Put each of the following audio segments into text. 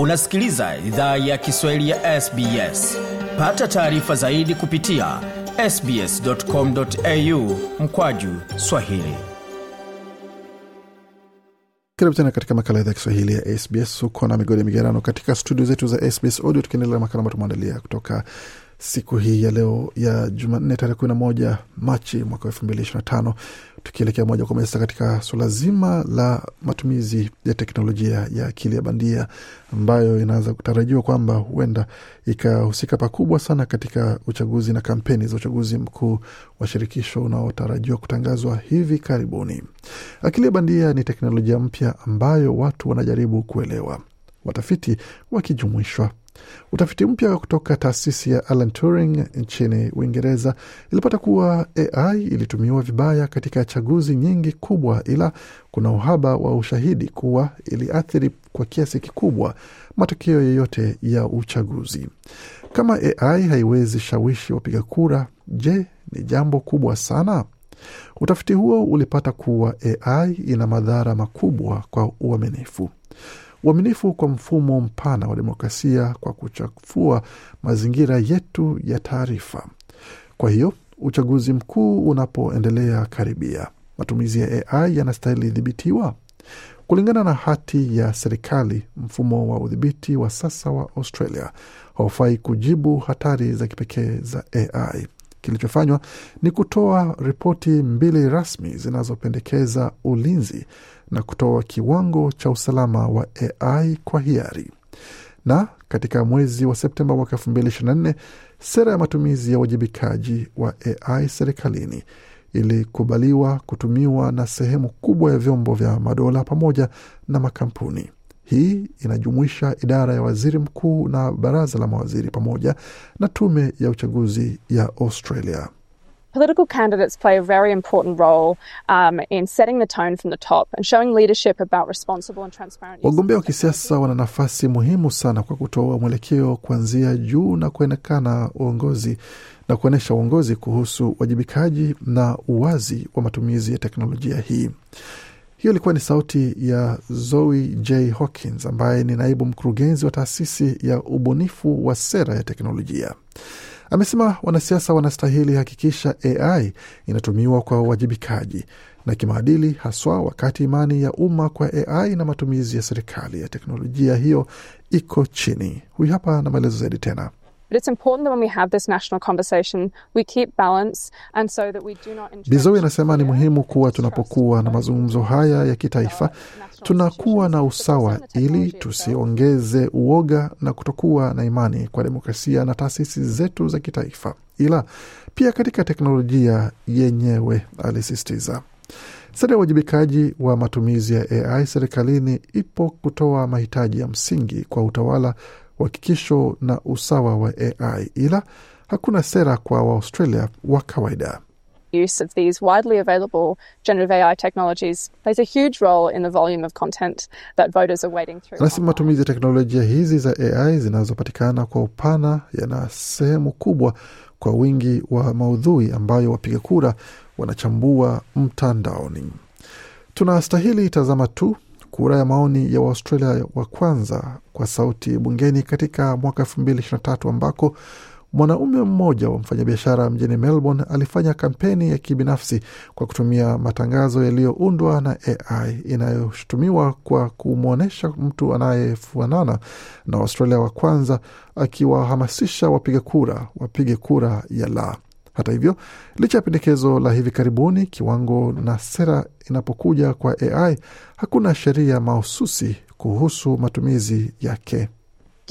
unasikiliza idhaa ya kiswahili ya sbs pata taarifa zaidi kupitia sbscomau mkwaju swahili karibu tena katika makala idhaa ya kiswahili ya sbs huko na migodi ya migerano katika studio zetu za sbs audio tukiendelea na makala ambayo tumeandalia kutoka siku hii ya leo ya jumanne tarehe 11 machi mwaka tukielekea moja kwa moja sasa katika suala zima la matumizi ya teknolojia ya akili ya bandia ambayo inaweza kutarajiwa kwamba huenda ikahusika pakubwa sana katika uchaguzi na kampeni za uchaguzi mkuu wa shirikisho unaotarajiwa kutangazwa hivi karibuni. Akili ya bandia ni teknolojia mpya ambayo watu wanajaribu kuelewa, watafiti wakijumuishwa Utafiti mpya kutoka taasisi ya Alan Turing nchini Uingereza ilipata kuwa AI ilitumiwa vibaya katika chaguzi nyingi kubwa, ila kuna uhaba wa ushahidi kuwa iliathiri kwa kiasi kikubwa matokeo yoyote ya uchaguzi. Kama AI haiwezi shawishi wapiga kura, je, ni jambo kubwa sana? Utafiti huo ulipata kuwa AI ina madhara makubwa kwa uaminifu uaminifu kwa mfumo mpana wa demokrasia kwa kuchafua mazingira yetu ya taarifa. Kwa hiyo uchaguzi mkuu unapoendelea karibia, matumizi ya AI yanastahili dhibitiwa. Kulingana na hati ya serikali, mfumo wa udhibiti wa sasa wa Australia haufai kujibu hatari za kipekee za AI. Kilichofanywa ni kutoa ripoti mbili rasmi zinazopendekeza ulinzi na kutoa kiwango cha usalama wa AI kwa hiari. Na katika mwezi wa Septemba mwaka 224 sera ya matumizi ya uwajibikaji wa AI serikalini ilikubaliwa kutumiwa na sehemu kubwa ya vyombo vya madola pamoja na makampuni. Hii inajumuisha idara ya waziri mkuu na baraza la mawaziri pamoja na tume ya uchaguzi ya Australia. Political candidates play a very important role um, in setting the tone from the top and showing leadership about responsible and transparent. Wagombea wa kisiasa wana nafasi muhimu sana kwa kutoa mwelekeo kuanzia juu na kuonekana uongozi na kuonyesha uongozi kuhusu wajibikaji na uwazi wa matumizi ya teknolojia hii. Hiyo ilikuwa ni sauti ya Zoe J Hawkins ambaye ni naibu mkurugenzi wa taasisi ya ubunifu wa sera ya teknolojia. Amesema wanasiasa wanastahili hakikisha AI inatumiwa kwa uwajibikaji na kimaadili, haswa wakati imani ya umma kwa AI na matumizi ya serikali ya teknolojia hiyo iko chini. Huyu hapa na maelezo zaidi tena. Bizoi anasema ni muhimu kuwa tunapokuwa na mazungumzo haya ya kitaifa tunakuwa na usawa ili tusiongeze uoga na kutokuwa na imani kwa demokrasia na taasisi zetu za kitaifa, ila pia katika teknolojia yenyewe, alisisitiza. Sera ya uwajibikaji wa matumizi ya AI serikalini ipo kutoa mahitaji ya msingi kwa utawala uhakikisho na usawa wa AI, ila hakuna sera kwa Waaustralia wa kawaida. Use of these widely available generative AI technologies plays a huge role in the volume of content that voters are wading through. Anasema matumizi ya teknolojia hizi za AI zinazopatikana kwa upana yana sehemu kubwa kwa wingi wa maudhui ambayo wapiga kura wanachambua mtandaoni. Tunastahili tazama tu Kura ya maoni ya Waustralia wa kwanza kwa sauti bungeni katika mwaka tatu ambako mwanaume mmoja wa mfanyabiashara mjini Melbourne alifanya kampeni ya kibinafsi kwa kutumia matangazo yaliyoundwa na AI inayoshutumiwa kwa kumwonyesha mtu anayefanana na Waustralia wa kwanza akiwahamasisha wapiga kura wapige kura ya la. Hata hivyo, licha ya pendekezo la hivi karibuni, kiwango na sera inapokuja kwa AI, hakuna sheria mahususi kuhusu matumizi yake.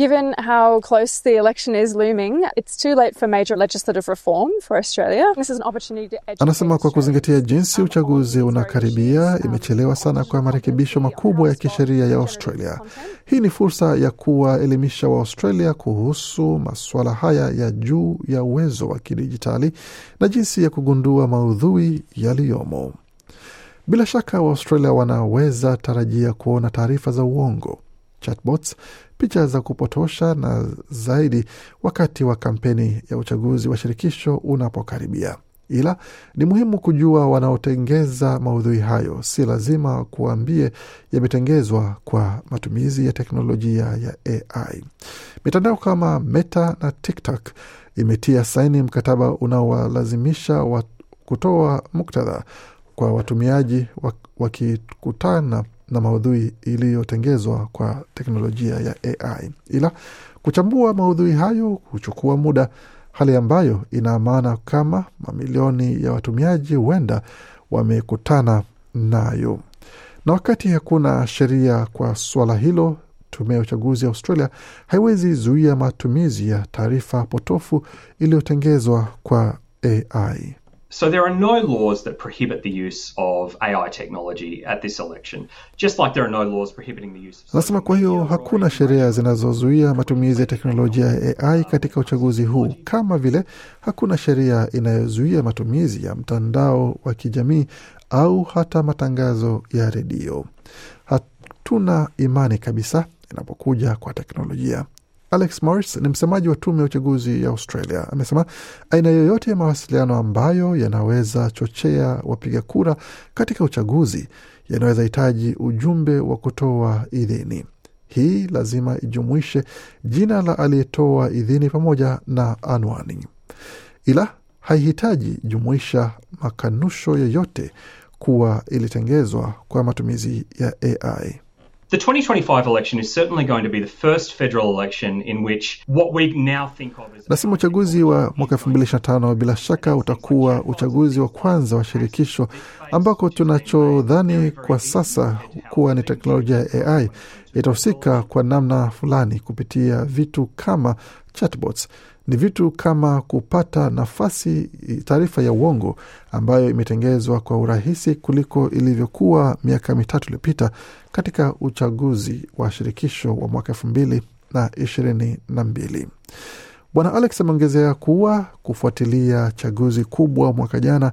Given how close the election is looming, it's too late for major legislative reform for Australia. This is an opportunity to educate. Anasema kwa kuzingatia jinsi uchaguzi unakaribia, imechelewa sana kwa marekebisho makubwa ya kisheria ya Australia. Hii ni fursa ya kuwaelimisha Waaustralia kuhusu masuala haya ya juu ya uwezo wa kidijitali na jinsi ya kugundua maudhui yaliyomo. Bila shaka Waaustralia wanaweza tarajia kuona taarifa za uongo, chatbots picha za kupotosha na zaidi wakati wa kampeni ya uchaguzi wa shirikisho unapokaribia. Ila ni muhimu kujua wanaotengeza maudhui hayo, si lazima kuambie yametengezwa kwa matumizi ya teknolojia ya AI. Mitandao kama Meta na TikTok imetia saini mkataba unaowalazimisha kutoa muktadha kwa watumiaji wakikutana na maudhui iliyotengezwa kwa teknolojia ya AI, ila kuchambua maudhui hayo huchukua muda, hali ambayo ina maana kama mamilioni ya watumiaji huenda wamekutana nayo, na wakati hakuna sheria kwa swala hilo, tume ya uchaguzi ya Australia haiwezi zuia matumizi ya taarifa potofu iliyotengezwa kwa AI. So there are no laws that prohibit the use of AI technology at this election, just like there are no laws prohibiting the use of... Nasema kwa hiyo hakuna sheria zinazozuia matumizi ya teknolojia ya AI katika uchaguzi huu, kama vile hakuna sheria inayozuia matumizi ya mtandao wa kijamii au hata matangazo ya redio. Hatuna imani kabisa inapokuja kwa teknolojia. Alex Morris ni msemaji wa tume ya uchaguzi ya Australia, amesema aina yoyote ya mawasiliano ambayo yanaweza chochea wapiga kura katika uchaguzi yanaweza hitaji ujumbe wa kutoa idhini. Hii lazima ijumuishe jina la aliyetoa idhini pamoja na anwani, ila haihitaji jumuisha makanusho yoyote kuwa ilitengezwa kwa matumizi ya AI. The 2025 election is certainly going to be the first federal election in which what we now think of as... Nasema uchaguzi wa mwaka 2025 bila shaka utakuwa uchaguzi wa kwanza wa shirikisho ambako tunachodhani kwa sasa kuwa ni teknolojia ya AI itahusika kwa namna fulani kupitia vitu kama chatbots ni vitu kama kupata nafasi taarifa ya uongo ambayo imetengezwa kwa urahisi kuliko ilivyokuwa miaka mitatu iliyopita katika uchaguzi wa shirikisho wa mwaka elfu mbili na ishirini na mbili. Bwana Alex ameongezea kuwa kufuatilia chaguzi kubwa mwaka jana,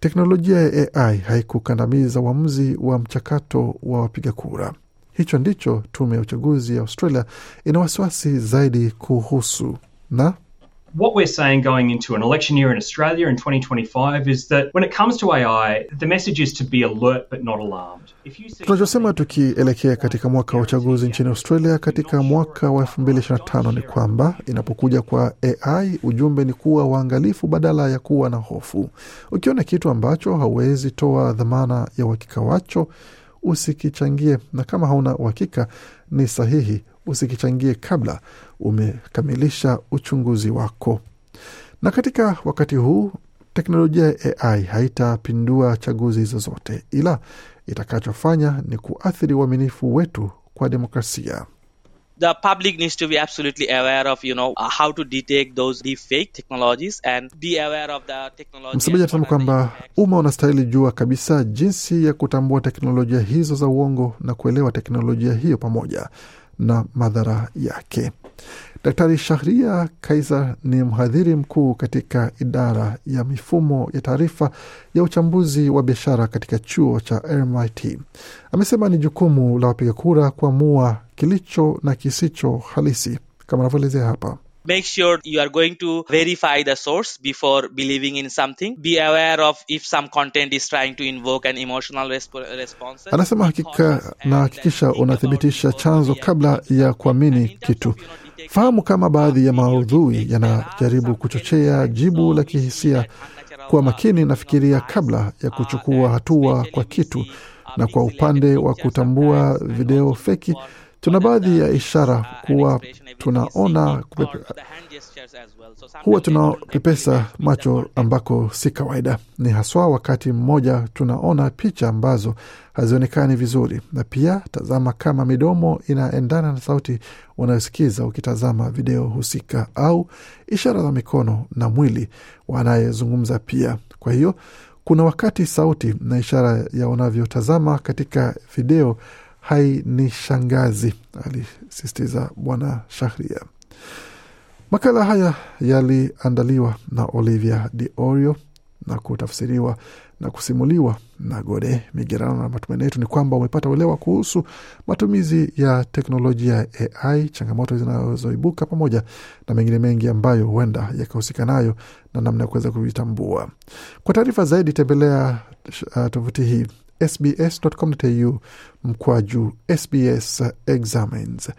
teknolojia ya AI haikukandamiza uamuzi wa mchakato wa wapiga kura. Hicho ndicho tume ya uchaguzi ya Australia ina wasiwasi zaidi kuhusu. No. What we're saying going into an election year in Australia in 2025 is that when it comes to AI, the message is to be alert but not alarmed. Tunachosema tukielekea katika mwaka wa uchaguzi nchini Australia katika mwaka wa 2025 ni kwamba inapokuja kwa AI, ujumbe ni kuwa waangalifu badala ya kuwa na hofu. Ukiona kitu ambacho hauwezi toa dhamana ya uhakika wacho, usikichangie, na kama hauna uhakika ni sahihi, usikichangie kabla umekamilisha uchunguzi wako. Na katika wakati huu teknolojia ya AI haitapindua chaguzi zozote, ila itakachofanya ni kuathiri uaminifu wetu kwa demokrasia. the public needs to be absolutely aware of you know uh, how to detect those technologies and be aware of the technology. Msemaji anasema kwamba umma unastahili jua kabisa jinsi ya kutambua teknolojia hizo za uongo na kuelewa teknolojia hiyo pamoja na madhara yake. Daktari Shahria Kaiser ni mhadhiri mkuu katika idara ya mifumo ya taarifa ya uchambuzi wa biashara katika chuo cha MIT. Amesema ni jukumu la wapiga kura kuamua kilicho na kisicho halisi, kama anavyoelezea hapa. Make sure you are going to verify the source before believing in something. Be aware of if some content is trying to invoke an emotional resp- response. Anasema hakika na hakikisha unathibitisha chanzo kabla ya kuamini kitu. Fahamu kama baadhi ya maudhui yanajaribu kuchochea jibu la kihisia. Kuwa makini nafikiria kabla ya uh, kuchukua hatua kwa kitu, uh, na kwa upande wa kutambua video feki Tuna baadhi ya ishara kuwa tunaona kupepe, huwa tunapepesa macho ambako si kawaida. Ni haswa wakati mmoja tunaona picha ambazo hazionekani vizuri, na pia tazama kama midomo inaendana na sauti unayosikiza ukitazama video husika, au ishara za mikono na mwili wanayezungumza pia. Kwa hiyo kuna wakati sauti na ishara ya unavyotazama katika video hainishangazi, alisistiza Bwana Shahria. Makala haya yaliandaliwa na Olivia de Orio na kutafsiriwa na kusimuliwa na Gode Migerano, na matumaini yetu ni kwamba umepata uelewa kuhusu matumizi ya teknolojia ya AI, changamoto zinazoibuka, pamoja na mengine mengi ambayo huenda yakahusika nayo na namna ya kuweza kuvitambua Kwa taarifa zaidi, tembelea uh, tovuti hii sbs.com.au mkwa juu SBS examines,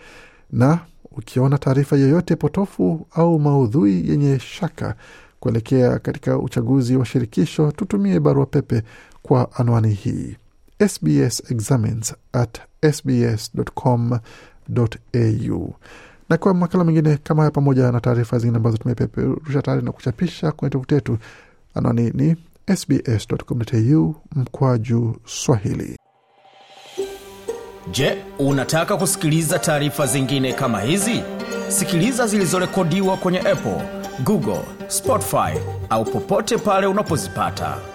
na ukiona taarifa yoyote potofu au maudhui yenye shaka kuelekea katika uchaguzi wa shirikisho, tutumie barua pepe kwa anwani hii SBS examines at sbs.com.au. Na kwa makala mengine kama haya pamoja na taarifa zingine ambazo tumepeperusha tayari na kuchapisha kwenye tovuti yetu, anwani ni sbs.com.au mkwaju Swahili. Je, unataka kusikiliza taarifa zingine kama hizi? Sikiliza zilizorekodiwa kwenye Apple, Google, Spotify au popote pale unapozipata.